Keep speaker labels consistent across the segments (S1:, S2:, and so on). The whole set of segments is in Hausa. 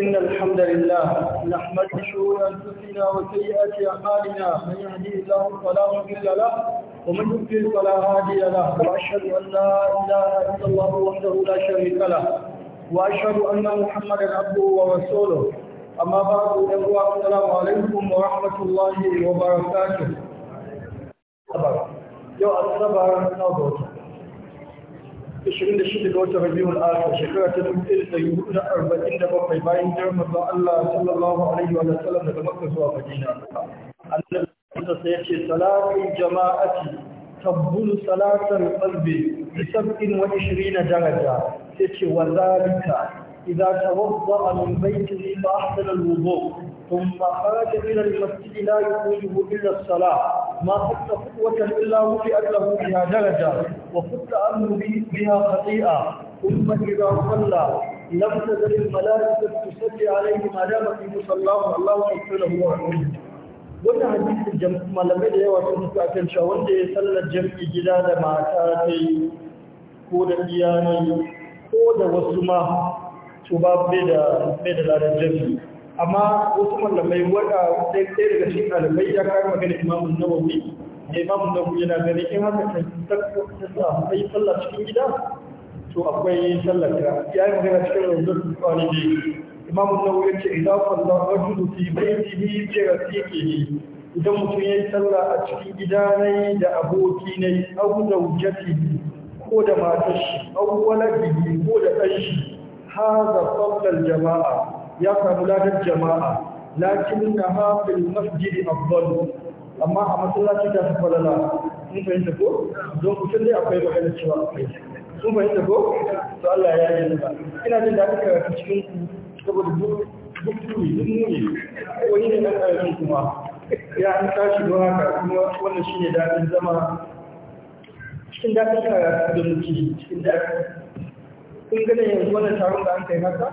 S1: إن الحمد لله نحمد شرور أنفسنا وسيئات أعمالنا من يهدي الله فلا مضل له ومن يضلل فلا هادي له وأشهد أن لا إله إلا الله وحده لا شريك له وأشهد أن محمدا عبده ورسوله أما بعد السلام عليكم ورحمة الله وبركاته. يا أصحاب النظر da 26 ga wata Rabiul Akhir shekara ta dubu arba'in da 1447 bayan jarumar manzon Allah sallallahu alaihi wa sallam daga Makka zuwa Madina. Annabi sai ya ce salatu jama'ati tabbulu salatal qalbi bi 27 daraja sai ce wa zalika idza tawadda min baytihi fa ahsana al-wudu' ثم خرج إلى المسجد لا يخرجه إلا الصلاة ما خط خطوة إلا وفئت له بها درجة وخط أمر بها خطيئة ثم إذا صلى لم تزل الملائكة تصلي عليه ما دام في مصلاه الله يغفر له ويرحمه wannan hadisin jami'a malamai da yawa sun fi akan cewa wanda ya sallar jami'i gida da mata ta yi ko da iyali ko da wasu ma to ba bai da ladan jami'i amma wasu malamai wadda sai sai daga shi alamai ya kai magana imamun nawawi da imamu nawawi yana gani in haka ta ta sa sai sallah cikin gida to akwai sallar ta ya yi magana cikin rundun ne imamun nawawi ya ce idan sallah rajulu fi baitihi bi ne idan mutum ya yi sallah a cikin gida ne da aboki ne da wujati ko da matar shi au ko da ɗan shi haza fadlal jama'a ya samu ladar jama'a lakin na hafin masjidi abdul amma a masallaci ta fi falala sun fahimta ko don kusan dai akwai magana cewa akwai sun fahimta ko to Allah ya yi ba ina jin daɗin karatu cikin ku saboda duk duk turi duk muni Ko ne na karatu kuma ya an tashi don haka kuma wannan shi ne daɗin zama cikin daɗin karatu da muke cikin daɗin kun gane yanzu wannan taron da an kai haka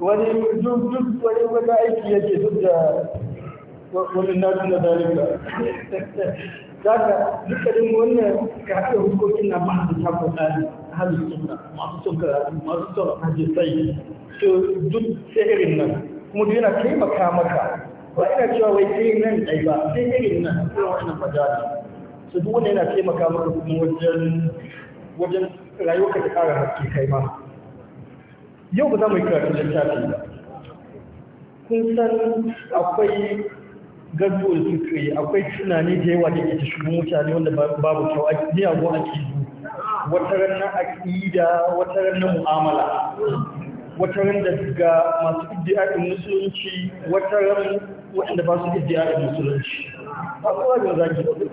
S1: wani duk wani wani aiki yake duk da wani nasu na zalika zaka dukkanin wannan ka haɗa hukokin na masu tafi tsari halin suna masu son karatu masu son sai. to duk sai irin nan kuma duk yana taimaka maka ba ina cewa wai sai nan ɗai ba sai irin nan irin wannan fajari su duk wanda yana taimaka maka kuma wajen wajen rayuwarka ta ƙara haske kai ma yau ba za mu yi karatun littafi ba kun san akwai gado da suka yi akwai tunani da yawa da ke shigo mutane wanda babu kyau a ke akidu wata ranar aƙida wata ranar mu'amala wata ran da ga masu iddiyarin musulunci wata ran waɗanda ba su iddiyarin musulunci Ah, cikin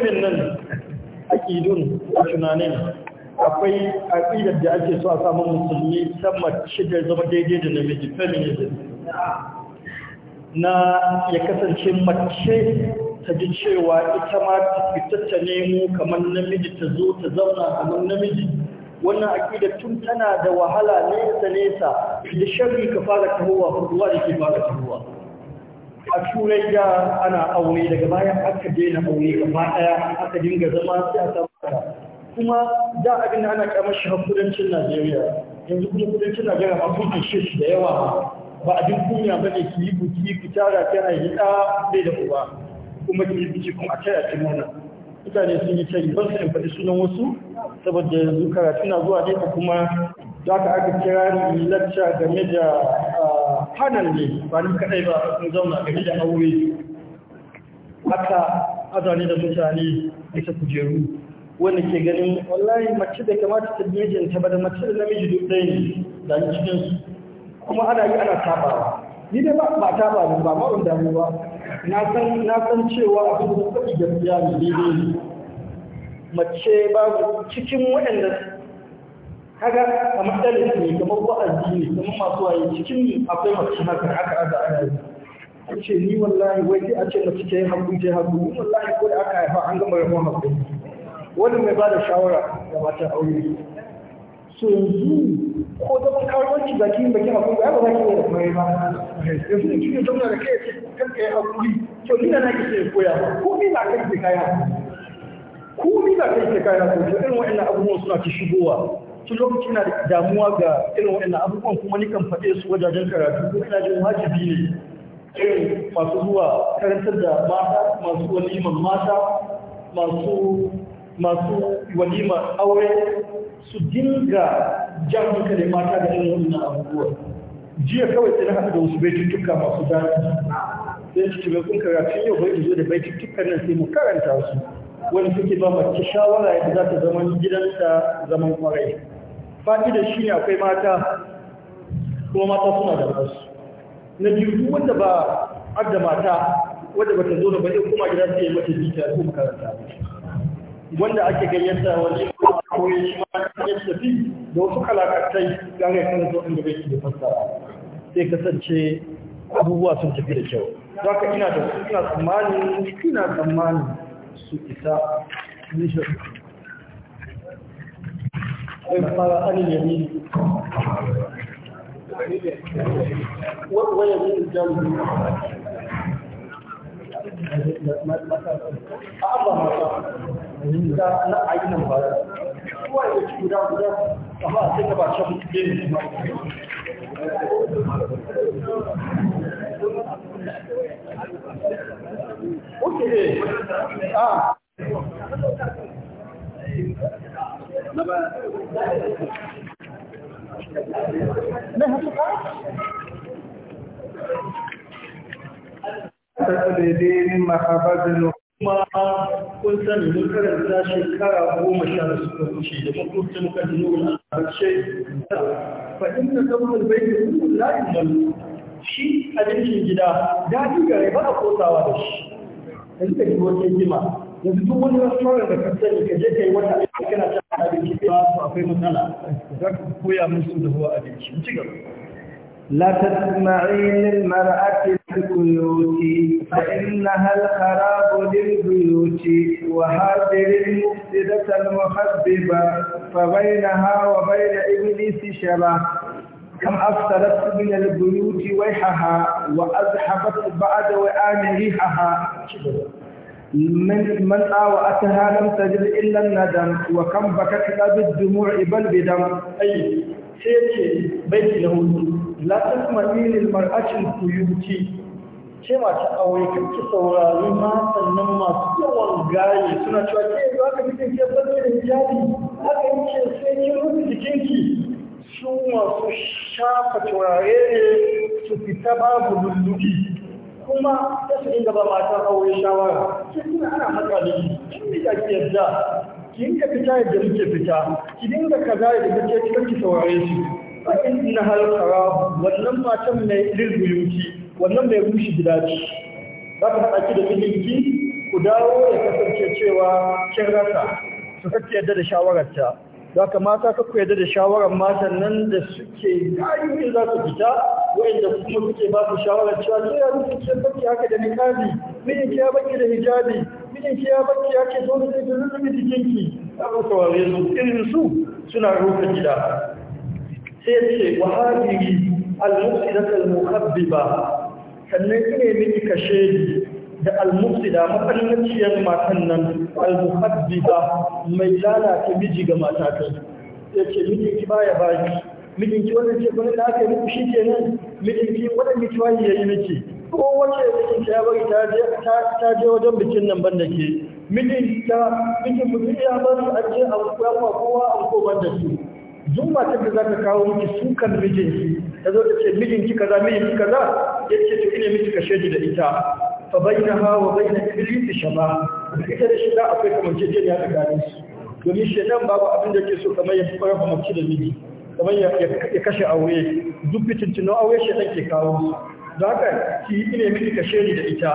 S1: waɗannan aƙidun tunanin akwai aƙidar da ake so a samun ta mace da zama daidai da namiji feminism na ya kasance mace ta ji cewa ita ma ta fita ta nemo kamar namiji ta zo ta zauna kamar namiji wannan akida tun tana da wahala nesa nesa da sharri ka fara tahowa huduwa da ke fara tahowa a turai da ana aure daga bayan aka daina aure gaba ɗaya aka dinga zama sai a samu kuma da abin da ana kamar shi kudancin najeriya yanzu kuma kudancin najeriya ma kun ishe shi da yawa ba abin kunya ba ne ki yi buki ki tara ta yi ɗa bai da uba kuma ke biki kuma a taya ki mutane sun yi kai ban san faɗi sunan wasu saboda yanzu karatu na zuwa ne kuma za ka aka kira ni lacca game da panel ne ba ni kadai ba sun zauna game da aure haka azane da mutane bisa kujeru wanda ke ganin wallahi mace da kamata ta mijin ta bada mace da namiji duk ɗaya ne da ni cikin kuma ana yi ana tabawa ni dai ba ba taba ba ba ma ban damu ba na san cewa abin da suka gaskiya ne daidai ne mace babu cikin waɗanda kaga a matsalar ne kamar wa'azi ne kamar masu waye cikin akwai mace haka aka aza a yanzu. a ce ni wallahi wai sai a ce mace ta hagu ta ni wallahi ko da aka haifa an gama rabon hagu wani mai ba da shawara ga mata aure so yanzu ko zaman karuwanci da kin bakin akwai ba ba za ki da kuma ba yanzu in kin zauna da kai ce kanka ya hakuri to ni na nake sai koya ko ni na kai ke kaya ko ni ba kai ke kaya ko irin wa'annan abubuwan suna ta shigowa tun lokacin na damuwa ga irin wa'annan abubuwan kuma ni kan faɗe su wajajen karatu ko ina jin wajibi ne irin masu zuwa karantar da mata masu wani mata masu masu walima aure su dinga jan hankalin mata da irin wannan abubuwa jiya kawai sai na haɗu da wasu baituttuka masu daɗi sai su tuba kun karatun yau bai zo da baituttukan nan sai mu karanta su wani suke ba mace shawara yadda za ta zaman gidanta zaman kwarai fa'idar shi ne akwai mata kuma mata suna da wasu na biyu duk wanda ba adda mata wadda ba ta zo da ba zai kuma gida sai ya mata jita ko makaranta ba wanda ake gayyata wani ko ya shi ma ya tafi da wasu kalakatai gare kan zo inda bai da fassara sai kasance abubuwa sun tafi da kyau za ka ina da ina tsammani ina tsammani su isa shi sai fara anin yami waya yin jami'i a abba mata da na ayyukan ba ci guda guda amma sai ka ba shi ne kuma kun sani mun karanta shekara goma sha da suka wuce da makwabci muka ji nuna harshe fa in ta zama bai da kuma layin malu shi abincin gida daɗi gare ba a kosawa da shi yanzu ka ji wata hikima yanzu duk wani restaurant da ka sani ka je ka yi wata aiki kana cin abinci ba su akwai matsala za ka koya musu da a abinci ci gaba لا تسمعي للمرأة البيوت فإنها الخراب للبيوت وهذه المفسدة المخببة فبينها وبين إبليس شبه كم أفسدت من البيوت ويحها وأزحفت بعد وآن ريحها من من آوأتها لم تجد إلا الندم وكم بكت بالدموع بل بدم أي شيء بيت له لا تسمعين للمرأة البيوت ce masu aure kan ki saurari matan nan masu yawan gaye suna cewa ke ba ka fi kinke sabbin hijabi haka yi ce sai ki rufe jikinki su masu shafa turare ne su fita babu lulluki kuma ta su inda ba mata aure shawara Sai suna ana haka da ki kin da ki yadda ki dinga fita yadda muke fita ki dinga kaza yadda kake cikin ki saurare su fa in na halkara wannan matan mai lilbuyuki wannan mai rushe gida ce za ka haɗa ki da mijinki ku dawo ya kasance cewa kin rasa su kake yadda da shawararta za ka mata kakku yadda da shawarar matan nan da suke kayoyi za su fita wa'inda kuma suke ba su shawarar cewa ce ya rufe ke baki haka da nikabi mijinki ya baki da hijabi mijinki ya baki ya ke zo da zai lulluɓe jikinki za ku wa su irin su suna rufe gida sai ce wahabiri al-mufsidatu al-muhabbiba sannan ina miki kashe da al-mufsida matsalanciyar matan nan al muhaddiba mai lalata miji ga mata ta yace miki ki baya baki mijin ki wannan ce kuma da aka yi muku shi nan? mijin ki wannan miki wani yayi miki ko wace mijin ta ya bari ta je ta je wajen bikin nan banda ke mijin ta mijin mutum ya bar su aje a kowa kowa a ko banda su duk matar da za ka kawo miki sukan mijinki ta zo ta ce mijinki kaza mijinki kaza ya ce to ina miki ka da ita fa baina ha wa baina iblis shaba ita da shi da akwai kamanceceniya tsakanin su domin shaidan babu abin da ke so kamar ya fara ci da miji kamar ya kashe aure duk fitintunan aure shaidan ke kawo su da haka ki ina miki ka da ita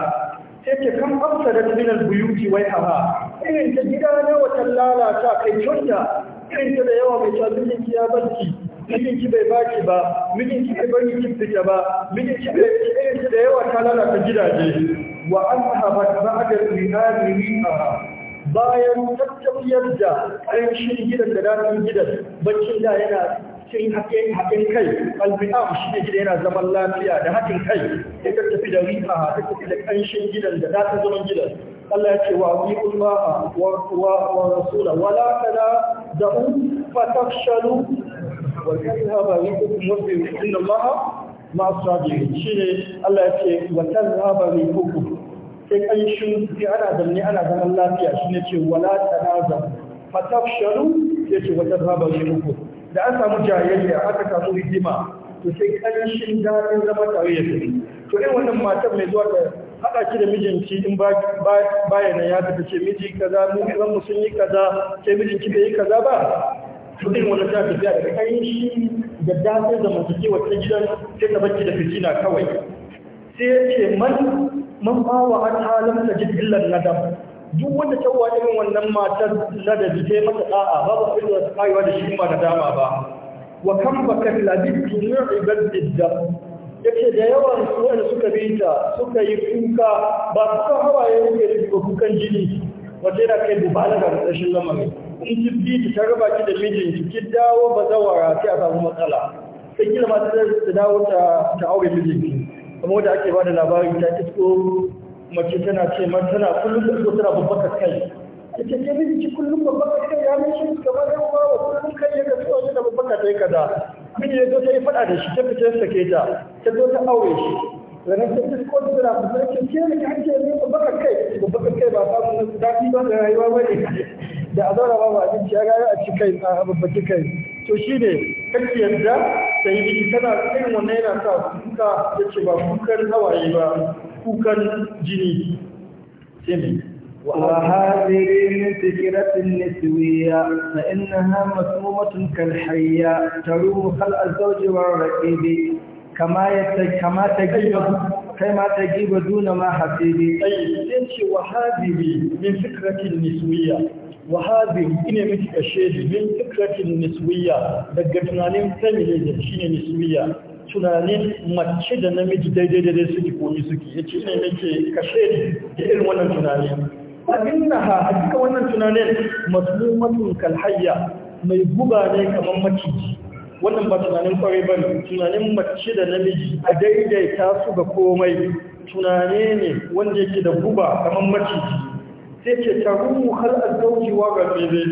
S1: sai ke kan amsa da al-buyuti wai haha irin ta gida na wata lalata kai kyauta irin da yawa mai cewa mijinki ya barki mijinki bai baki ba mijinki bai bari ki fita ba mijinki bai irin da yawa ta lalata gidaje wa an habat ba'da rihamihha bayan tattafiyar da ƙarshen gidan da daɗin gidan baccin da yana cikin haƙin kai albi'am shi ne gida yana zaman lafiya da haƙƙin kai ya tattafi da riha ta tafi da ƙanshin gidan da daɗin zaman gidan Allah ya ce wa bi Allah wa wa rasula wala kana da'u fatafshalu wa yadhhaba bikum muslim inna Allah ma sabirin shine Allah ya ce wa tadhhaba bikum sai an shi sai ana danne ana zaman lafiya shine ce wala da tanaza sai yace wa tadhhaba bikum da an samu jayayya aka samu rigima to sai kanshin dadin zama tare ya tafi to irin wannan matan mai zuwa da haɗa ki da mijinki in bayana ya tafi ce miji kaza mu zan mu sun yi kaza ce mijinki bai yi kaza ba irin wani ta tafiya da kai shi da dafin ke wata gidan ke ta baki da fitina kawai sai ya ce man man bawa an halin ta jidillan nadam duk wanda ta wa irin wannan matar ladabi ta yi mata ba ba abin da ta da shi ba na dama ba wa kan baka labittu min ibadidda yace da yawan su wanda suka bi ta suka yi kuka ba ka hawaye yake da ba kukan jini wanda yana kai mubalaga da rashin lamarin in ji bi ta raba ki da mijin ki dawo ba bazawara sai a samu matsala sai kila ma ta dawo ta ta aure ki kamar da ake bada labarin ta isko mace tana ce man tana kullum da isko tana babbaka kai ta ce ke ki kullum babbar kai ya mishi gaba da yawa kullum kai ya ga tsohon da babbaka ta kaza miji ya zo ta yi fada da shi ta fita ke ta ta zo ta aure shi ranar ta fi kwanci suna fita ce ce ne kan ce ne ba baka kai ba baka kai ba ba mun daɗi ba da rayuwa ba ne da a ba ba abinci cikin gaya a kai a babba kai to shi ne kake yadda ta yi biki tana cikin wannan yana sa kuka ya ce ba kukan hawaye ba kukan jini sai وهذه سكرة نسوية فإنها مسمومة كالحية تروم خلق الزوج والرقيب كما يتج... كما تجيب كما تجيب دون ما حسيبي أي تنشي وهذه من فكرة نسوية وهذه إن مثل الشيء من فكرة نسوية بقتنا نم فميليزم شين نسوية tunanin mace da namiji daidai daidai suke koyi suke ya ce ne nake kashe da irin wannan tunanin فإنها حقيقة wannan tunanin masmumatun kalhayya mai guba ne wannan ba tunanin kwarai ba tunanin mace da namiji a daidaita su ga komai tunane ne wanda yake da guba kamar maciji sai ce tarumu har azzauji wa ga bebe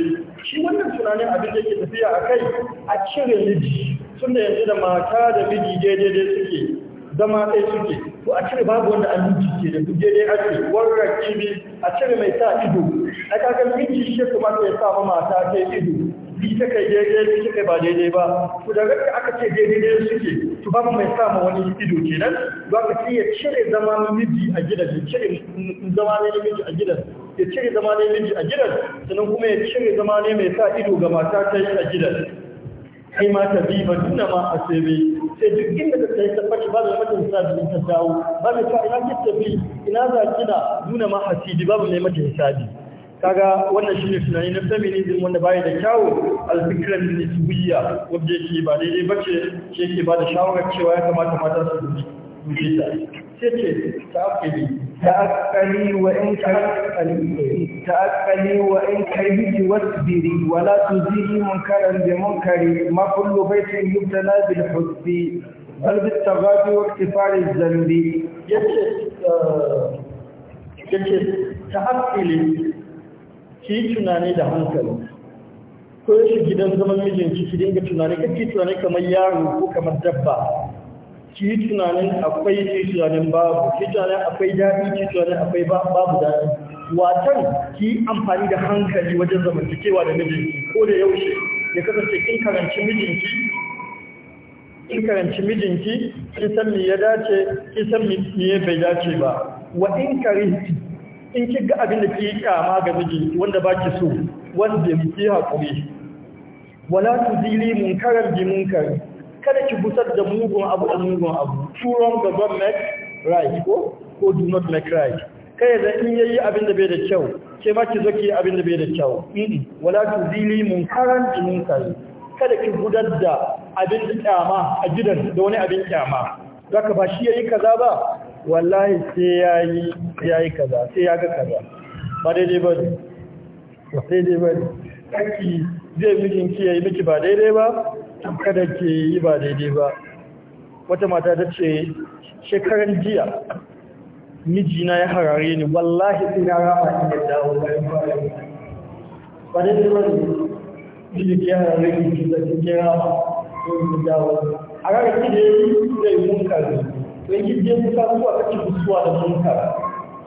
S1: shi wannan tunanin abin da yake tafiya a kai a cire miji tunda yanzu da mata da miji daidai suke zama ɗaya suke to a cire babu wanda an aminci ke da kuje dai ake warra kibi a cire mai sa ido a kakan miji shi kuma ta sa ma mata ta ido bi ta kai daidai bi ta kai ba daidai ba to da ranka aka ce daidai ne suke to babu mai sa ma wani ido kenan ba ka ce ya cire zama miji a gidan ya cire zama ne miji a gidan ya cire zama ne miji a gidan sannan kuma ya cire zama ne mai sa ido ga mata ta a gidan kai ma ta bi ba tunda ma a sebe sai duk inda ka sai tabbaci ba da mata hisabi in ta dawo ba da ka ina ki tafi ina za da nuna ma hasidi babu mai mata hisabi kaga wannan shine tunani na feminism wanda bai da kyawu alfikran nisbiyya wanda yake ba daidai bace ke ba da shawarar cewa ya kamata mata su dubi ta تجد تأقلي تأقلي وإن كرهتي تأقلي وإن كرهت واصبري ولا تزيي منكرا بمنكر ما كل بيت يبتلى بالحب بل بالتغاضي واكتفاء الذنب yace ta eh, ta'akali ki tunani da hankali ko shi gidan zaman mijinki ki dinga tunani kake tunani kamar yaro ko kamar dabba ki yi tunanin akwai ki tunanin babu ki tunanin akwai daɗi ki tunanin akwai babu daɗi watan ki yi amfani da hankali wajen zamantakewa da mijinki ko da yaushe ya kasance kin karanci mijinki kin karanci mijinki kin san me ya dace kin san me bai dace ba wa in karinti in kin ga abin da ke kama ga miji wanda baki so wanda ki hakuri wala tudili munkaran bi munkari kada ki busar da mugun abu da mugun abu too wrong does make right ko ko do not make right kai da in yayi abin da bai da kyau ke ma ki zo ki abin da bai da kyau in wala tuzili munkaran bi munkari kada ki gudar da abin kyama a gidan da wani abin kyama zaka ba shi yayi kaza ba wallahi sai yayi yayi kaza sai ya ga kaza ba daidai ba ne ba daidai ba ne kaki zai mijinki yayi miki ba daidai ba kada ke yi ba daidai ba wata mata ta ce shekaran jiya mijina ya harare ni wallahi ina rama ina dawo bayan bayan ba daidai ba ne mijin ke harare ni ki zaki ke rama ko dawo a ranar ki da yi zai munka ne to yi je kusa zuwa kake kusuwa da munka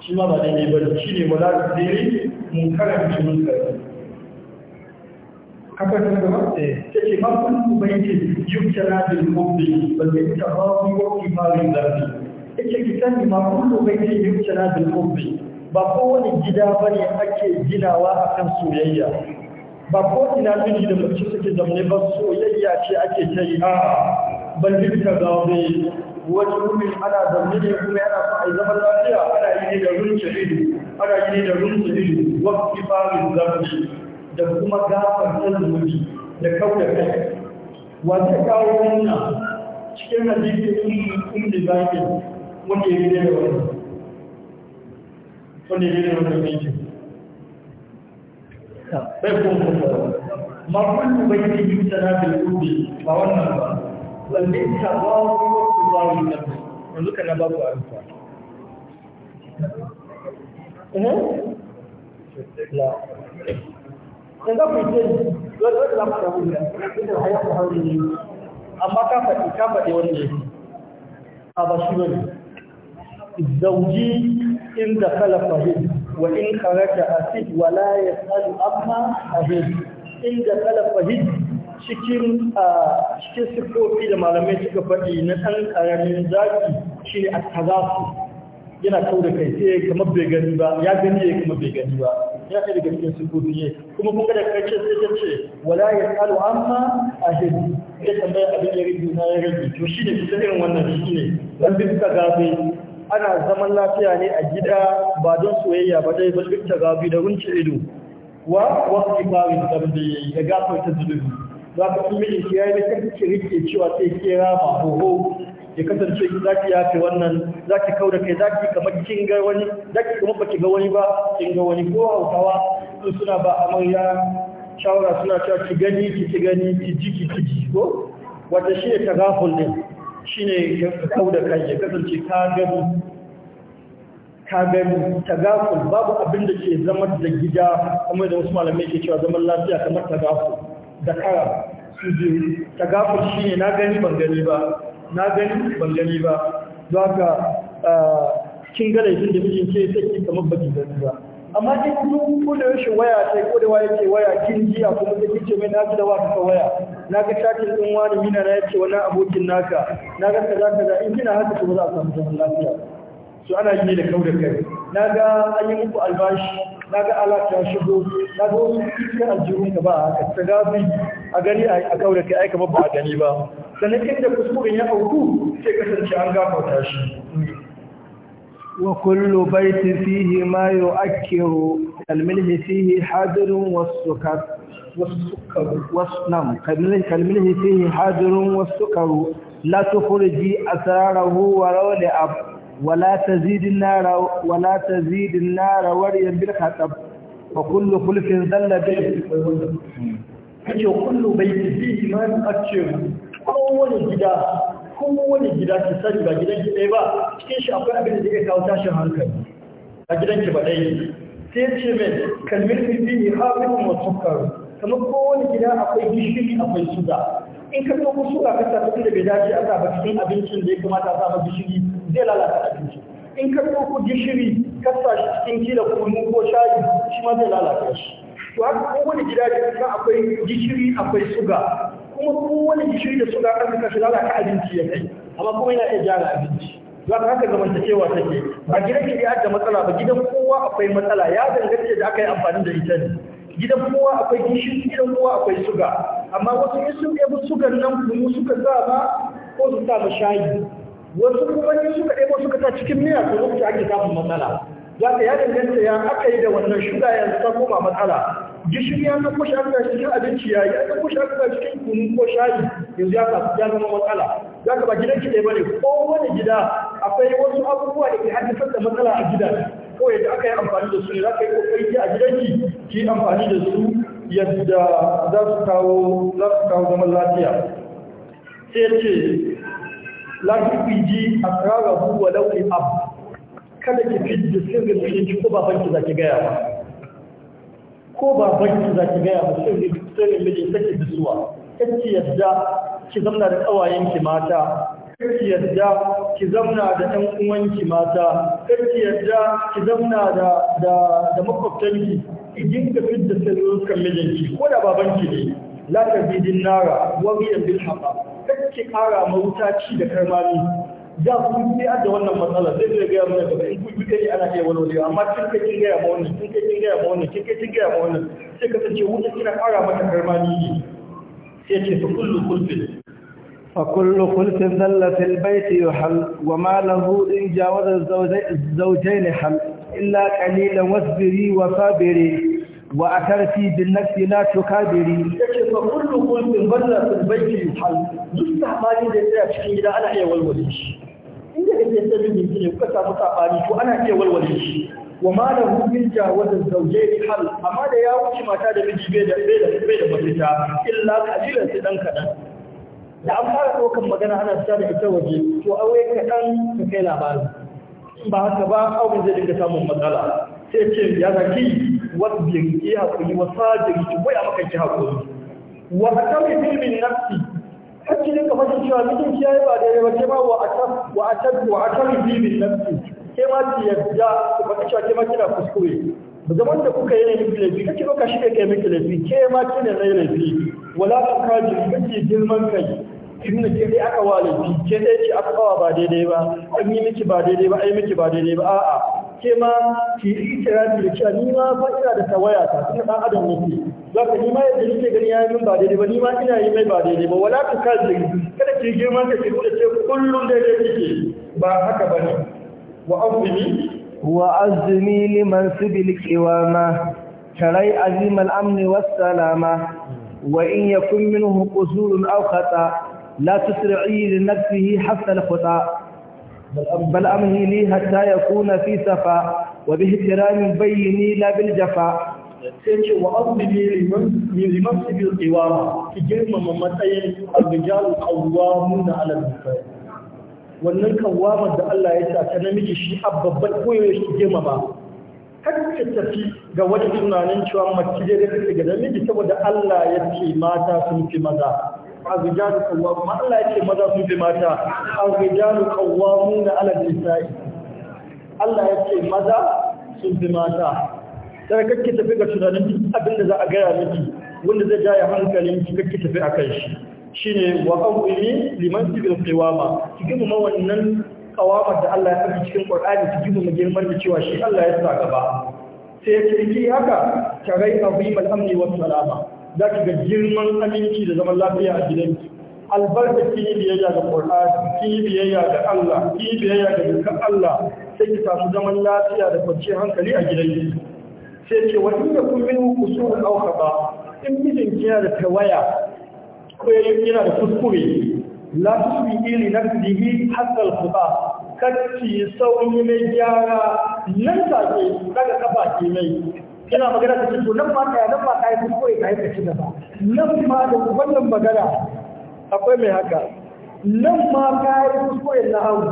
S1: shi ma ba daidai ba ne shi ne wala da daidai munkaran ki ne. kafa ta gaba eh. ta ce mafin ubangiji yukta bil mumbi bal yukta rawi wa kifarin darbi yake ki ni ma kullu baiti yukta bil mumbi ba kowane gida ba ne ake ginawa akan soyayya ba ko ina miji da mace suke zamne ba soyayya ce ake ta yi a bal yukta rawi wani rumin ana zamne ne kuma yana so a yi zaman lafiya ana yi ne da runce ido ana yi ne da runce ido wa farin darbi da kuma gafar zunubi da kauda kai wanda zai kawo wannan cikin hadisi in da zaki wanda ya gida da wannan wanda ya gida da wannan yake bai kuma kuma ma kullu bai yi da na bil qurbi ba wannan ba wanda ta ba ku ku ba ku da yanzu kana ba ku alfa eh la yanzu ku ce dole dole za mu samu ne inda hayar ku hauri ne amma ka faɗi ka faɗi wani ne a ba shi bane zauji inda kala fahim wa in kharaja asid wala ya yasalu amma a ahid inda kala fahim cikin a cikin sifofi da malamai suka faɗi na ɗan ƙaramin zaki shine at-tazafu yana kau da kai sai kamar bai gani ba ya gani ya kamar bai gani ba ya ɗaya daga cikin sifofi ne kuma kuma da kai sai ta ce wala ya tsalu amma a hin ya tambaya abin ya rubu na ya rubu to shi ne kusa irin wannan shi ne wanda bisa gafe. ana zaman lafiya ne a gida ba don soyayya ba dai ba ta gafe da runce ido wa wasu ibarin da da ya yi da gafarta zulubi za ka fi mijinki ya yi da kan rike cewa sai kera ma hoho ya kasance za ki yafe wannan za ki kau da kai za ki kamar kin ga wani za ki kamar baki ga wani ba kin ga wani ko hausawa sun suna ba amarya shawara suna cewa ki gani ki ci gani ki ji ki ji ko wata shi ne tagaful ne shi ne kau da kai ya kasance ka gani ka gani tagaful babu abin da ke zama da gida kuma da wasu malamai ke cewa zaman lafiya kamar tagaful da kara su biyu tagaful shi ne na gani ban gani ba na gani ban gani ba za ka kin ga da mijin ke saki kamar baki gani ba amma ki kuma ko da yaushe waya sai ko da waya ce waya kin jiya kuma da kike mai na ji da wa ka waya na ga chatin din wani mina na yace wani abokin naka na ga kaza kaza in kina haka to za a samu zaman lafiya so ana yi da kauda kai na ga an yi muku albashi na ga ta shigo na ga wasu cikin aljihun ba a haka gafi a gani a kawai da kai aika ba a gani ba sannan inda kuskuren ya auku sai kasance an ta shi wa kullu baiti fihi ma yu'akkiru kalmilhi fihi hadirun was-sukar wasnam kalmilhi fihi hadirun was-sukar la tukhruji asrarahu wa rawli ولا تزيد النار ولا تزيد النار وريا بالحطب وكل خلف ذل به kace kullu baiti fihi ma yuqaccir kowane gida kowane gida ki sani ba gidan ki dai ba cikin shi akwai abin da yake kawo tashin hankali a gidan ki ba dai sai ce mai kalmir fihi hafizun wa sukkar kamar kowane gida akwai gishiri akwai suga in ka ɗauko suga ka sa da bai dace a sa cikin abincin da ya kamata a sa gishiri zai lalata abinci in ka ɗauko gishiri ka sa shi cikin kila kunu ko shayi shi ma zai lalata shi to haka wani gida da kuma akwai gishiri akwai suga kuma wani gishiri da suga kan ka shi lalata abinci ya kai amma kuma yana iya gyara abinci za ka haka zamantakewa take ba gidan ki da matsala ba gidan kowa akwai matsala ya danganta da aka yi amfani da ita ne gidan kowa akwai gishiri gidan kowa akwai suga amma wasu in sun ɗebi sugan nan kunu suka sa ba ko su sa ba shayi wasu kuma suka ɗebo suka ta cikin miya su lokaci ake samun matsala za ka ya danganta ya aka yi da wannan shuga yanzu ta koma matsala gishiri ya san kushe aka cikin abinci ya yi ya aka cikin kunu ko shayi yanzu ya zama matsala za ka ba gidan ki ɗaya bane wani gida akwai wasu abubuwa da ke haddasar da matsala a gidan ko yadda aka yi amfani da su ne za ka yi kokari a gidan ki amfani da su yadda za su kawo zaman lafiya sai ce la a asrarahu wa law ab kada ki fidda sirrin mijinki ko baban ki zaki gaya ba ko baban ki zaki gaya ba sirrin sirrin mijin sake bisuwa kake yadda ki zamna da kawayen ki mata karki yadda ki zamna da ɗan uwanki mata karki yadda ki zamna da da da makwabtanki ki dinga fidda sirrukan mijinki ko da babanki ne la tabidin nara wa biyan bil haqa kake kara mawuta ci da karmami da ku sai da wannan matsala zai zai gaya mana gaba in yi kai ana kai wani wani amma kin kai kin gaya ma wannan kin kai kin gaya ma wannan kin kai kin gaya ma wannan sai ka tace wuta kina kara mata karmami ne sai ce fa kullu kulfin fa kullu kulfin dalla fil bayt yuhal wa ma lahu in jawaza zawjayn hal illa qalilan wasbiri wa sabiri wa atarfi bin na la tukabiri yake fa kullu qulbin balla fil bayti yuhal duk sabani da yake cikin gida ana iya walwale shi inda je sanin ne kike kuka samu sabani to ana iya walwale shi wa ma da hukun jawazin zaujeri hal amma da ya wuce mata da miji bai da bai da mafita illa kalilan dan kadan da an fara ɗaukar magana ana fita da ita waje to aure kaɗan ka kai labarin ba haka ba auren zai dinga samun matsala sai ce ya zaki wasbir iya hakuri wa sajiri ki koya maka ki hakuri wa hakami fi min nafsi hakki ne ka kamar cewa mutum ki yayi ba daidai ba ke ma wa atab wa atab wa hakami fi min nafsi ke ma ki yadda ku faɗa cewa ke ma kina kuskure zaman da kuka yi miki laifi kake ɗauka shi ne kai miki laifi ke ma kina rai laifi wala ta kaji kake girman kai in da ke dai aka wa laifi ke dai ce aka bawa ba daidai ba an yi miki ba daidai ba ai miki ba daidai ba a'a ke ma ki yi ikirafi da cewa ni ma fa ina da tawaya ta ina dan adam nake za ka ni ma yadda nake gani ya min ba daidai ba ni ma ina yi mai ba daidai ba wala ka kaji kada ki girma ka ki nuna ce kullum daidai kike ba haka ba bane wa azmi wa azumi liman sibil qiwama tarai azim al-amn salama wa in yakun minhu qusurun aw khata la tusri'i li nafsihi hatta al-khata بل أمهي لي حتى يكون في سفا وباحترام بيني لا بالجفا sai ce wa arziki liman civil iwama ki girmama matsayin arzijalu kawamu na alamdufai wannan kawamar da Allah ya sa ta namiji shi a babban koyo shi girmama kan ka tafi ga wani tunanin cewa mace da ga namiji saboda Allah ya ce mata sun fi maza Allah yake maza su يكي mata في ماتا na قوامون على Allah yake maza su في mata sai kake tafi ga tunanin duk abin da za a gaya miki wanda zai ja ya hankalin ki kake tafi a shi shine wa qawli liman sibil qiyama cikin mu wannan qawama da Allah ya saka cikin Qur'ani cikin mu girman da cewa shi Allah ya sa gaba sai yake yi haka tarai azim al-amni was salama za ki ga girman aminci da zaman lafiya a gidan ki albarka kibiyayya yi biyayya ga Qur'ani ki yi biyayya ga Allah ki yi biyayya ga dukkan Allah sai ki samu zaman lafiya da kwanciyar hankali a gidan ki sai ce wa da kun min usul aw khata in mijin ki da tawaya ko yana da kuskure la tusbi ili nafsihi hatta al khata kacci sauni mai gyara nan take daga kafa ke mai ina magana da ce nan ma ka nan ma ka yi kuskure ka yi ka ci gaba nan ma da wannan magana akwai mai haka nan ma ka yi kuskure na hau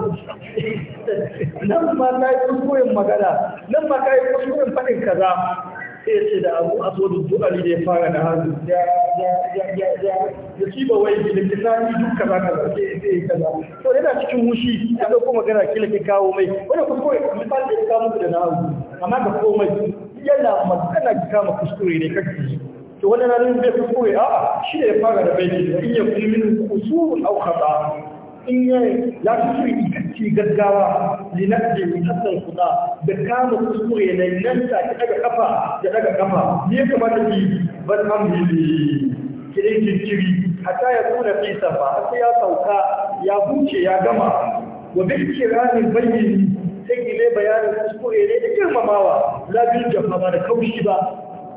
S1: nan ma ka yi kuskure magana nan ma ka yi kuskure faɗin kaza sai ce da abu a so duk ali da ya fara na hannu ya ci ba wai da ni duk kaza kaza sai ya kaza to yana cikin mushi ya ɗauko magana kila ke kawo mai wani kuskure misali da ya kawo muku da na hau amma ka komai yana magana kama kuskure ne kake ji to wannan nufin bai kuskure a shi ne ya fara da bai da in ya kun min kusur au khata in ya ya kuskure ci gaggawa linadde min hasan kuda da kama kuskure ne nan ta daga kafa ya daga kafa ne kamata ki ban hamdili kirin jinkiri hatta ya kuna fi safa sai ya sauka ya huce ya gama wa bi bayyini sai gile bayanin na su koye ne da girmamawa na biyu ba da kaushi ba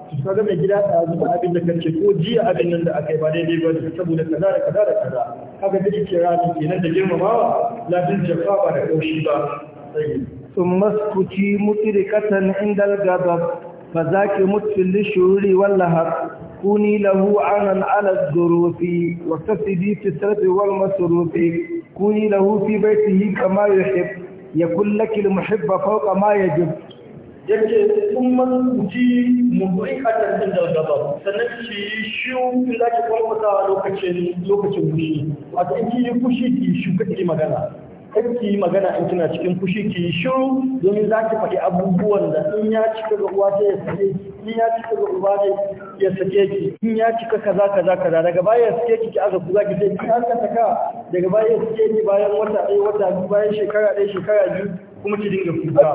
S1: su kaga mai gida a zuba abin da kan ko jiya abin nan da aka yi ba ne ba da saboda kada da kada da kada haka da ke rami ke nan da girmamawa na biyu ba da kaushi ba sun maskuci mutiri katan indal gabab fa zaki mutfil li shururi wal lahab kuni lahu anan ala dhurufi wa tasdi fi sirri wal masrufi kuni lahu fi baytihi kama yuhibbu yakun laki muhibba fawqa ma yajib yake kuma ji muhuri a da gaba sannan shi shi shiwu in za ki kwamfata lokacin lokacin fushi wato in ki yi fushi ki shuka ki magana kan ki yi magana in kina cikin fushi ki shiru domin za ki faɗi abubuwan da in ya cika ga uwa ta ya in ya cika ruba ne ya sake ki in ya cika kaza kaza kaza daga baya ya sake ki ki aza ku zaki sai ki har ka saka daga baya ya sake ki bayan wata ɗaya wata biyu bayan shekara ɗaya shekara biyu kuma ki dinga kuka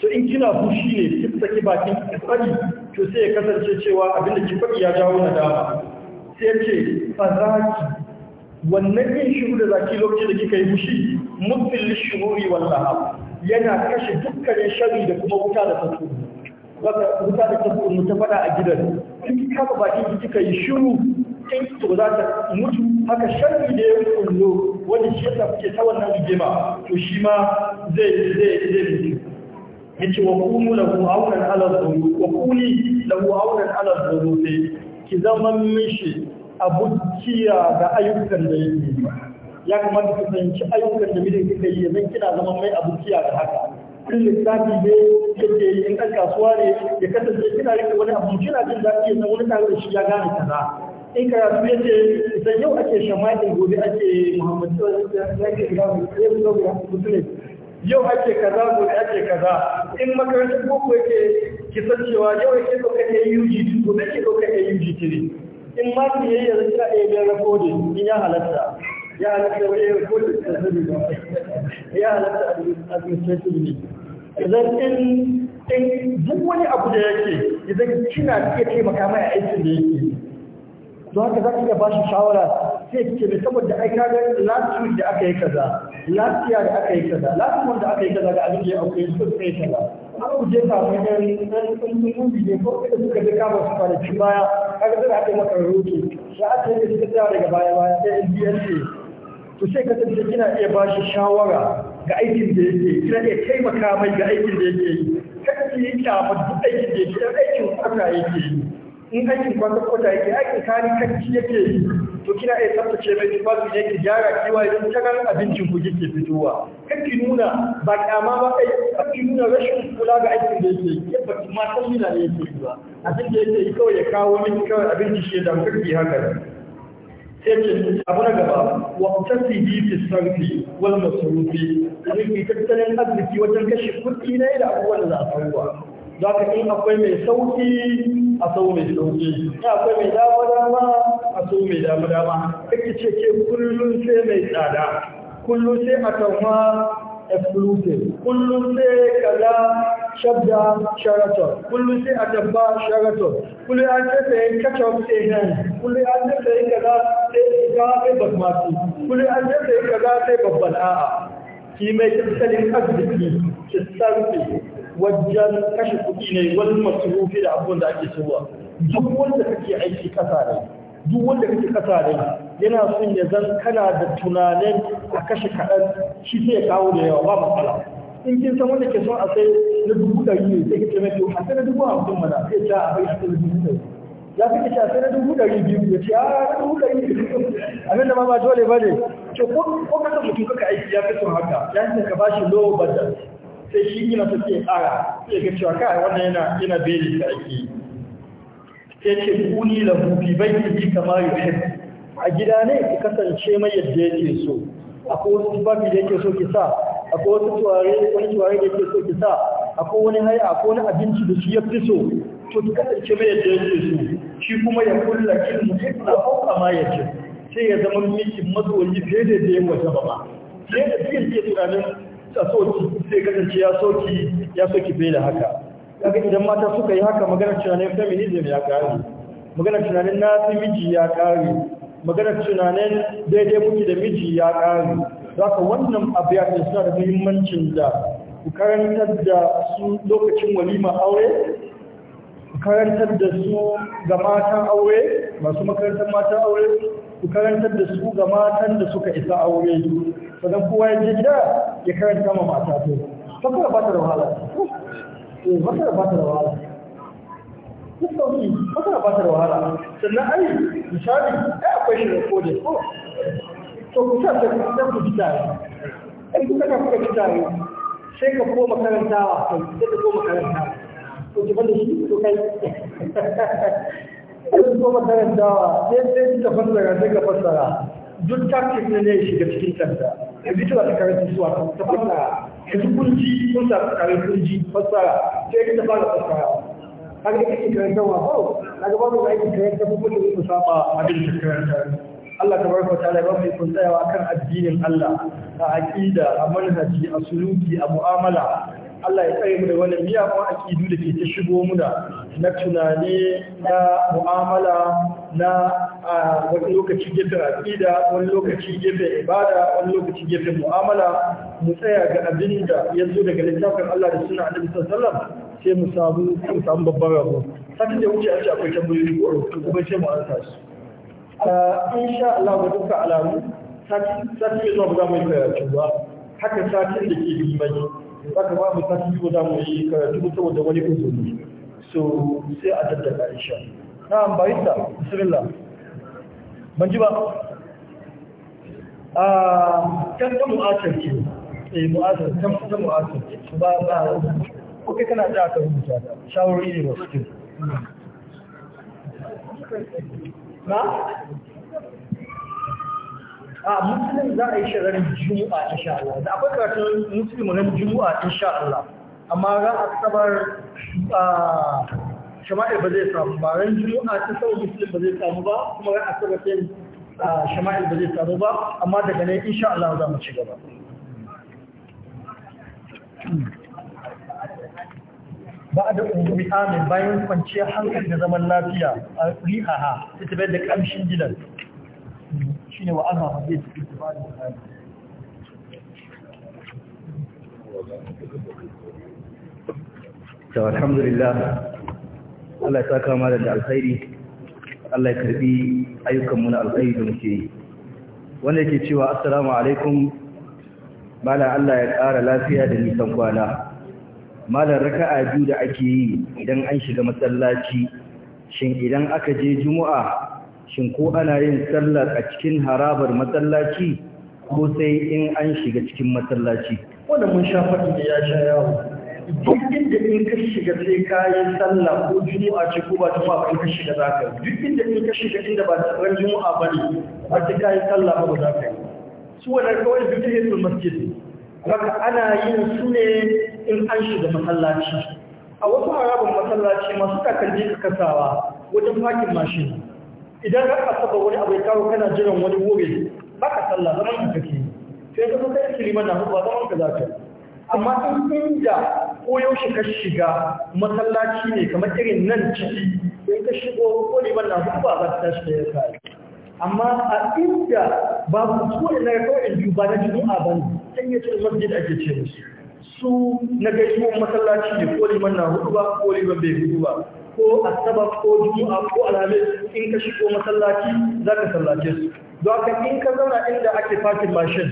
S1: so in kina fushi ne ki saki bakin ki fadi to sai ya kasance cewa abinda ki fadi ya jawo dama sai ce fa wannan yin shiru da zaki lokacin da kika yi fushi mutsillin shururi wallaha yana kashe dukkanin shari da kuma wuta da fasu wuta da ta mu ta fada a gidan in ki kafa baki kika yi shiru in to za ta mutu haka sharri da ya kullo wani shi yasa kuke ta wannan rigima to shi ma zai zai zai mutu yace wa kunu lahu awnan ala dhuru wa kuni lahu awnan ala dhuru ki zama mishi abuciya ga ayyukan da yake ya kamata ki fahimci ayyukan da mijinki kai yanzu kina zaman mai abuciya ga haka in lissafi ne yake yi in ɗan kasuwa ne ya kasance kina rike wani abu kina jin daɗi na wani tare da shi ya gane kaza in karatu ya ce idan yau ake shamaɗin gobe ake muhammadu eh, yau ake kaza gobe ake kaza in makarantar boko yake kisan cewa yau yake ɗauka ke UG gobe ke ɗauka ke UG3 in ma ki yayi yanzu ya iya biyar rakodin in ya halatta ya halatta ya idan in in duk wani abu da yake idan kina iya taimaka mai aikin da yake haka za iya ba shi shawara sai saboda ai da aka yi kaza da aka yi kaza last da aka yi kaza da abin da ya auku yanzu sai kaza an kuje ta mai da ɗan ɗan ko da suka je kama su kwanaki baya kaga sai da aka maka rahoto ya aka yi suka tsaya daga baya baya sai NDLA to sai ka kasance kina iya ba shi shawara ga aikin da yake kina iya taimaka mai ga aikin da yake yi ki yi kyama duk aikin da yake dan aikin kwata yake yi in aikin kwata kwata yake aikin kani kakki yake yi to kina iya tsaftace mai tufafi ne ki gyara kiwa idan tarar abincin ku yake fitowa ki nuna ba kyama ba kai ki nuna rashin kula ga aikin da yake yi ba kuma ma san mina ne yake yi ba abin da yake yi kawai ya kawo miki kawai abinci shi da kakki haka yake gaba wata sarfi wal tattalin arziki wajen kashe kuɗi na da abubuwan da za a za ka in akwai mai sauki a sau mai sauki in akwai mai dama dama a sau mai dama dama kake ce ke kullum sai mai tsada kullum sai a kama exclusive kullum sai kaza shabda sharatar, kullum sai a dabba kullu kullum an tattaye kacau sai nan kullum an tattaye kaza sai ga sai basmati kullum an tattaye kaza sai babban a'a ki mai tsalin arziki ki sarfe wajen kashe kuɗi ne wani masrufi da abun da ake cewa duk wanda kake aiki kasa ne duk wanda kake kasa ne yana son ya zan kana da tunanin a kashe kaɗan shi sai ya kawo da yawa ba matsala in kin san wanda ke son a sai na dubu ɗari ne sai ka ce mai a sai na dubu hamsin mana sai ta a bai a sai na dubu ɗari ya fi kace a sai na dubu ɗari biyu ya ce a na dubu ɗari da ma ba dole ba ne ce ko ka mutum kaka aiki ya fi son haka ya ce ka ba shi low budget sai shi ina ta ce ƙara sai ka cewa kai wannan yana yana beli ka aiki sai ce kuni bai fi ji kama yuhibbu a gida ne ki kasance mai yadda yake so akwai wasu tufafi da yake so ki sa akwai wasu turare wani turare da ke so ki sa akwai wani haya akwai wani abinci da shi ya fi so to ki kasance mai yadda yake so shi kuma ya kulla kin mutum na a ma ya ce sai ya zama miki matsoyi fiye da da ya ta ba sai da fiye da tunanin a soki sai kasance ya soki ya soki fiye da haka kaga idan mata suka yi haka magana tunanin feminism ya kare maganar tunanin nasi miji ya kare maganar tunanin daidai muke da miji ya kare zaka wannan ce suna da muhimmancin da ku karantar da su lokacin walima aure ku karantar da su ga matan aure masu makarantar matan aure ku karantar da su ga matan da suka isa aure sannan kowa ya je gida ya karanta ma mata ta tabbata ba ta da wahala eh ba ta ba ta da wahala duk sauki ba ta da ba ta da wahala sannan ai misali ai akwai shi da kodin to ku sa ta dan ku tare ai ku saka ku sai ka koma karantawa to sai ka koma karantawa to ki bada shi to kai sai koma karantawa sai sai ka fassara sai ka fassara duk tactic ne ya shiga cikin tanda ya bi ta karatu zuwa ta fassara ya ji kunji kun sa kunji fassara sai ka fara fassara kaga kake karantawa ba oh, kaga babu aiki karantawa ko kuma ku saba abin da karantawa Allah tabaraka ta'ala ba mu kun tsayawa kan addinin Allah a aƙida, a manhaji a suluki a mu'amala Allah ya tsare mu da wannan miyagun aqidu da ke ta shigo muna na tunani na mu'amala na wani lokaci gefen aƙida, wani lokaci gefen ibada wani lokaci gefen mu'amala mu tsaya ga abin da zo daga littafin Allah da suna Annabi sallallahu alaihi wasallam sai mu samu mu samu babbar rabo sakin da wuce a ce akwai tambayoyi ko kuma sai mu ansa su in sha Allah ga duka alamu sati zuwa ba za mu yi karatu ba haka satin da ke bi mai za ka ba mu sati ba za mu yi karatu ba saboda wani uzuri so sai a daddaka in sha na'am barista bismillah ban ji ba a kan ta mu'asar ce eh mu'asar kan ta mu'asar ce ba ba ko kai kana da ka rubuta shawarori ne ba su ke. na a musulun za a yi shirar juma'a insha Allah da akwai karatun musulun ran juma'a insha Allah amma ran asabar shama'il ba zai samu ba ran juma'a ta sau musulun ba zai samu ba kuma ran asabar sai shama'il ba zai samu ba amma daga ne insha'Allah Allah za mu ci gaba Ba da أمي آمن bayan كونشي حنكل da zaman lafiya rihaha ta tabbata da kamshin gidan ne wa azaba zai ci ba da
S2: to alhamdulillah
S1: Allah ya saka mana da alkhairi Allah ya karbi ayyukanmu mu na alkhairi da muke yi wanda yake cewa assalamu alaikum bala Allah ya ƙara lafiya da nisan kwana malar raka'a biyu da ake yi idan an shiga masallaci shin idan aka je juma'a shin ko ana yin sallar a cikin harabar masallaci ko sai in an shiga cikin masallaci wanda mun sha faɗi da ya sha yawo duk inda in ka shiga sai ka yi sallah ko juma'a ce ko ba juma'a ba in ka shiga za ka yi duk inda in ka shiga inda ba ran juma'a ba ne ba ta ka yi sallah ba ba za ka yi su wannan kawai duk da yin masjid haka ana yin su ne in an shiga masallaci a wasu harabin masallaci masu ka kasawa wajen fakin mashin idan har asaba wani abu ya kawo kana jiran wani gobe ba ka sallah zaman ka kake sai ka zaka yi mana na ba zaman ka zaka amma in da ko yaushe ka shiga masallaci ne kamar irin nan ciki in ka shigo ko liman na ba za ta tashi da ya amma a inda babu su ina na kawai biyu ba na juma'a ba ne sai ya cikin masjid ake ce musu su na gaisuwan masallaci ne ko liman na hudu ba ko liman bai hudu ba ko asabar ko juma'a ko alhamis in ka shigo masallaci za ka sallace su don haka in ka zauna inda ake fakin mashin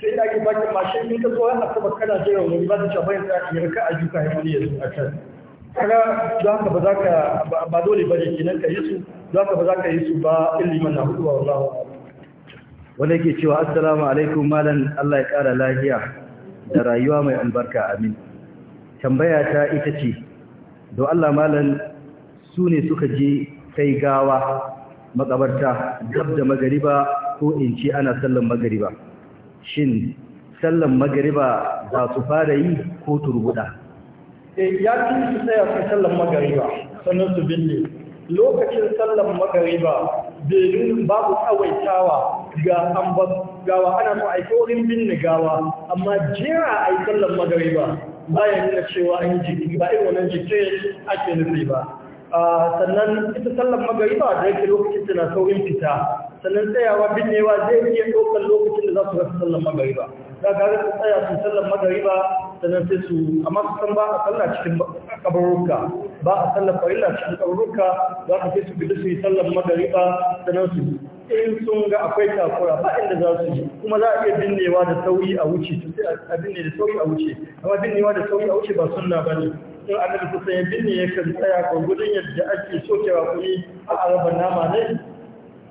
S1: to inda ake fakin mashin in ka zo asabar kana jira wani ba ta shafa yin a yarka a juka ya wani yanzu a can kaga don haka ba za ka ba dole ba ne ka yi su don haka ba za ka yi su ba ilimin na hudu wa Allah wanda yake cewa assalamu alaikum malam Allah ya kara lafiya da rayuwa mai albarka amin tambaya ta ita ce don Allah malam su ne suka je kai gawa makabarta gab da magariba ko in ce ana sallan magariba shin sallan magariba za su fara yi ko turbuda Eh, ya fi su tsaya su sallan magariba sannan su binne lokacin sallan magariba bai babu tsawaitawa ga gawa ana so a yi binne gawa amma jira a yi sallan magariba bayan nuna cewa an jiki ba irin wannan jiki ake nufi ba ah, sannan ita sallan magariba da yake lokacin tana saurin fita sannan tsayawa binnewa zai iya ɗaukar lokacin da za su rasa sallan magariba za ka tsaya su sallar magariba sannan sai su a masu san ba a sallar cikin kabarurka ba a sallar farilla cikin kabarurka za ka sai su fita su yi sallar magariba sannan su in sun ga akwai takura ba inda za su yi kuma za a iya binnewa da sauyi a wuce sai a binne da sauyi a wuce amma binnewa da sauyi a wuce ba sunna ba ne in annabi kusan ya binne ya kan tsaya gwargwadon yadda ake sokewa kuɗi a arabar nama ne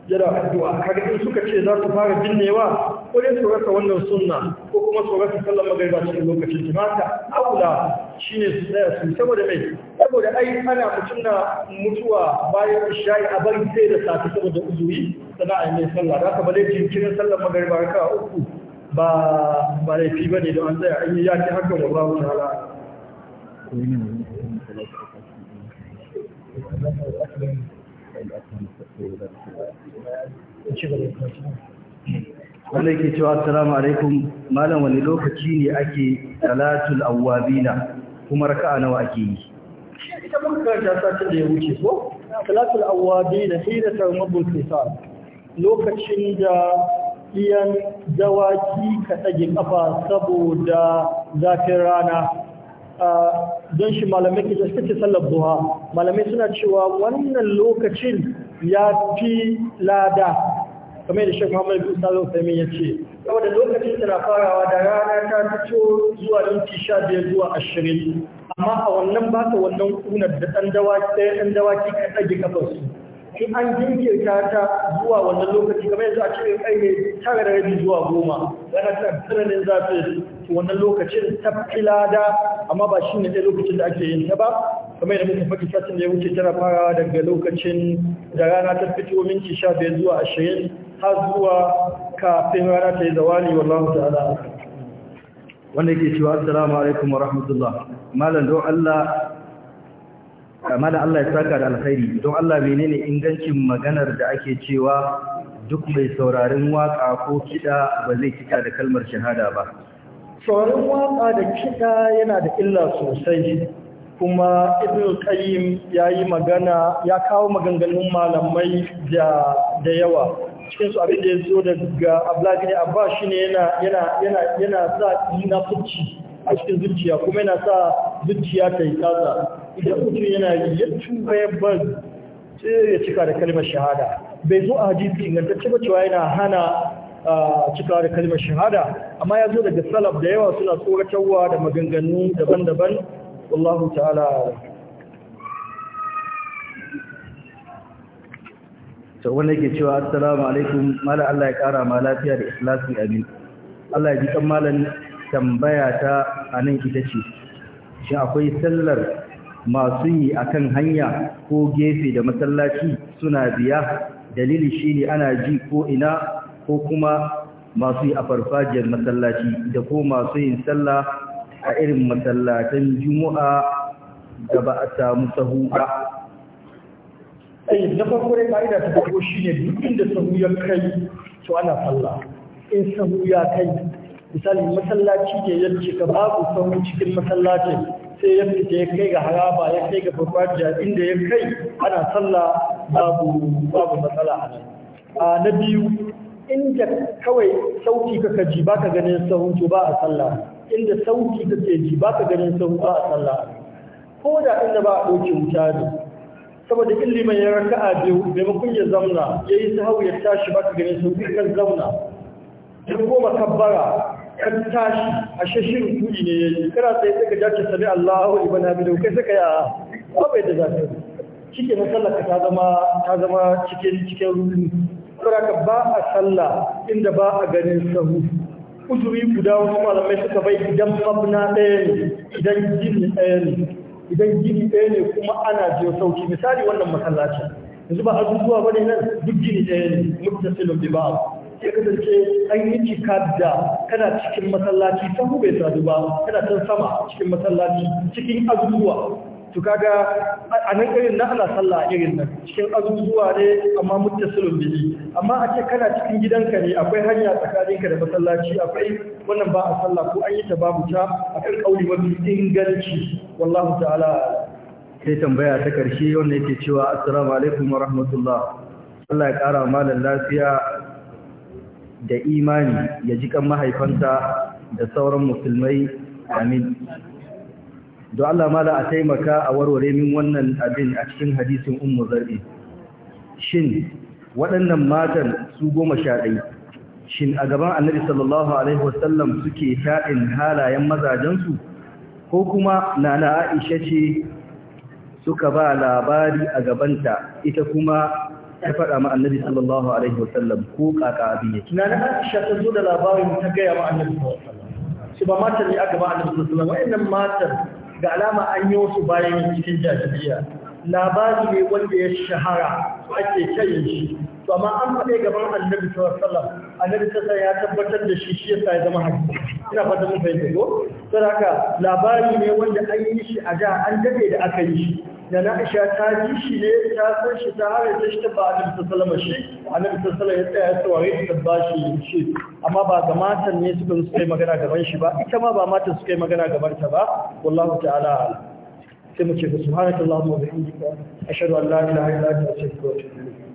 S1: yana addu'a kaga in suka ce za su fara binnewa ko dai su rasa wannan sunna ko kuma su rasa sallan magariba cikin lokacin jimata aula ne su tsaya su saboda mai saboda ai ana mutum na mutuwa bayan isha'i a bari sai da saba saboda uzuri sana a mai sallah da aka bale jinkirin sallar magariba raka uku ba ba ne bane da an tsaya an yi yaki hakan babu ta'ala Thank you. ci gaba da wanda ke cewa assalamu alaikum malam wani lokaci ne ake salatul awwabina kuma raka'a nawa ake yi ita mun karanta satin da ya wuce ko salatul awwabina hina tarmabul fisal lokacin da iyan dawaki ka tsage kafa saboda zafin rana don shi malamai ke suke sallar duha malamai suna cewa wannan lokacin ya fi lada kamar da shekwa mai bin salo sami ya ce da lokacin tana farawa da rana ta fito zuwa minti sha biyar zuwa ashirin amma a wannan ba ta wannan kunar da ɗan dawaki ɗaya ɗan dawaki ka ɗage kafarsu shi an jinkirta ta zuwa wannan lokaci kamar yanzu a cikin kai ne tara da rabi zuwa goma yana tana tsananin zafi wannan lokacin ta lada amma ba shi ne ɗaya lokacin da ake yin ta ba kamar yadda muka faɗi satin da ya wuce tana farawa daga lokacin da rana ta fito minti sha biyar zuwa ashirin har zuwa kafin rana ta yi zawali wallahu ta'ala wanda yake cewa assalamu alaikum wa rahmatullah malam don Allah malam Allah ya saka da alkhairi don Allah menene ingancin maganar da ake cewa duk mai saurarin waƙa ko kiɗa ba zai kika da kalmar shahada ba saurarin waƙa da kiɗa yana da illa sosai kuma ibn qayyim yayi magana ya kawo maganganun malamai da da yawa cikin su abin da ya zo daga Abdullahi ne abba shi ne yana sa fuci a cikin zuciya kuma yana sa zuciya ta yi tasa, idan mutum yana yi ya tuba ya bar sai ya cika da kalmar shahada bai zo a hadisi ingantacce ba cewa yana hana cika da kalmar shahada amma ya zo daga salaf da yawa suna tsoratarwa da maganganu daban-daban wallahu ta'ala to na yake cewa assalamu alaikum mala Allah ya kara ma lafiya da ikhlasi amin Allah ya ji kan malan tambaya ta anan ita ce shin akwai sallar masu yi akan hanya ko gefe da masallaci suna biya dalili shine ana ji ko ina ko kuma masu yi a farfajiyar masallaci da ko masu yin sallah a irin masallatan juma'a da ba a samu sahu ai na farko dai ka'ida ta farko shine duk inda sahu ya kai to ana sallah in sahu ya kai misali masallaci ne ya cika babu sahu cikin masallacin sai ya fita ya kai ga haraba ya kai ga farfajiya inda ya kai ana sallah babu babu matsala a nan a na biyu inda kawai sauti kaka ba baka ganin sahun to ba a sallah inda sauti ke ji baka ganin sahun ba a sallah ko da inda ba a ɗauke wuta ne saboda ilimin ya a biyu maimakon ya zamna ya yi hau ya tashi ba ka ganin sun kan zauna ya koma kabbara kan tashi a shashin kuli ne ya yi kana sai sai jace sami Allahu ibn hamidu kai sai yi a kwabai da zafi cike na sallaka ta zama ta cikin cikin ruhu saboda ba a sallah inda ba a ganin sahu uzuri guda wasu malamai suka bai idan mabna ɗaya ne idan jin ɗaya ne idan gini ɗaya ne kuma ana jin sauki misali wannan masallacin yanzu ba abubuwa ba ne nan duk gini ɗaya ne mutasilin bi ba ya kasance an yi cika da kana cikin masallaci sahu bai sadu ba kana can sama cikin masallaci cikin abubuwa to kaga a nan irin na ana sallah irin nan cikin azuzuwa ne amma muttasilun bihi amma a ce kana cikin gidanka ne akwai hanya tsakaninka da masallaci akwai wannan ba a sallah ko an yi ta babu ta akan kauli mafi inganci wallahu ta'ala sai tambaya ta karshe wanda yake cewa assalamu alaikum wa rahmatullah Allah ya kara Malam lafiya da imani ya ji kan mahaifansa da sauran musulmai amin don Allah mala a taimaka a warware min wannan abin a cikin hadisin ummu zarbi shin waɗannan matan su goma sha ɗai shin a gaban annabi sallallahu alaihi wasallam suke ta'in halayen mazajensu ko kuma nana aisha ce suka ba labari a gabanta ita kuma ta faɗa ma annabi sallallahu alaihi wasallam ko kaka abin yake nana aisha ta zo da labarin ta gaya ma annabi sallallahu alaihi wasallam su ba matar ne a gaban annabi sallallahu alaihi wasallam wa'annan matar ga alama an yi wasu bayan cikin jahiliya labari ne wanda ya shahara ake kayan shi to amma an faɗe gaban annabi sallallahu alaihi wasallam annabi sallallahu ya tabbatar da shi shi yasa ya zama hadisi ina fata mun fahimta ko sai haka labari ne wanda an yi shi a da an dade da aka yi shi da na Aisha ta ji shi ne ta san shi ta har ta shi ta ba annabi sallallahu alaihi shi annabi sallallahu ya tsaya ya tsaware ta ba shi shi amma ba ga matan ne suka suka yi magana gaban shi ba ita ma ba matan suka yi magana gaban ta ba wallahu ta'ala sai mu ce subhanakallahumma wa bihamdika ashhadu an la ilaha illa anta astaghfiruka wa atubu ilayk